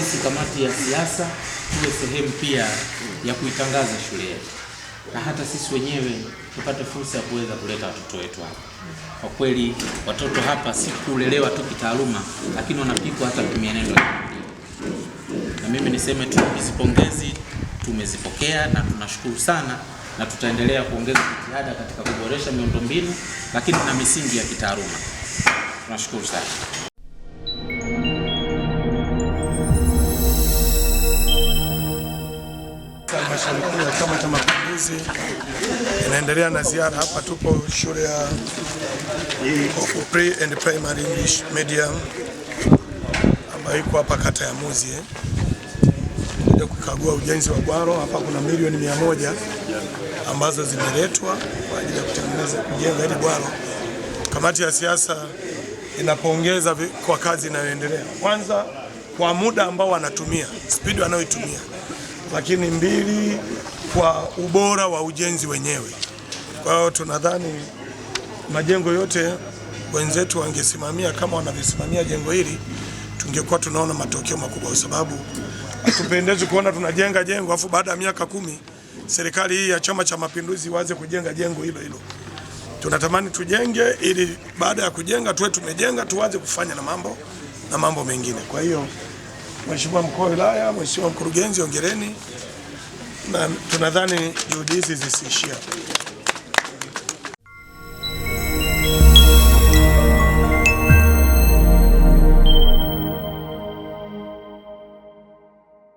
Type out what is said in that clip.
sisi kamati ya siasa tuwe sehemu pia ya kuitangaza shule yetu na hata sisi wenyewe tupate fursa ya kuweza kuleta watoto wetu hapa. Kwa kweli watoto hapa si kulelewa tu kitaaluma, lakini wanapikwa hata kimienendo. Na mimi niseme tu hizi pongezi tumezipokea na tunashukuru sana, na tutaendelea kuongeza jitihada katika kuboresha miundombinu, lakini na misingi ya kitaaluma. Tunashukuru sana. halmashauri kuu ya Chama cha Mapinduzi inaendelea na ziara. Hapa tupo shule ya pre and primary English medium ambayo iko hapa kata ya Muzie eh. kuja kukagua ujenzi wa bwalo hapa. Kuna milioni mia moja ambazo zimeletwa kwa ajili ya kutengeneza kujenga hili bwalo. Kamati ya siasa inapongeza kwa kazi inayoendelea, kwanza kwa muda ambao wanatumia, spidi wanayoitumia lakini mbili kwa ubora wa ujenzi wenyewe. Kwa hiyo tunadhani majengo yote wenzetu wangesimamia kama wanavyosimamia jengo hili, tungekuwa tunaona matokeo makubwa, kwa sababu hatupendezi kuona tunajenga jengo afu baada ya miaka kumi serikali hii ya Chama cha Mapinduzi waze kujenga jengo hilo hilo. Tunatamani tujenge ili baada ya kujenga tuwe tumejenga, tuwaze kufanya na mambo na mambo mengine. Kwa hiyo Mheshimiwa mkuu wa wilaya, mheshimiwa mkurugenzi, ongereni, na tunadhani juhudi hizi zisiishia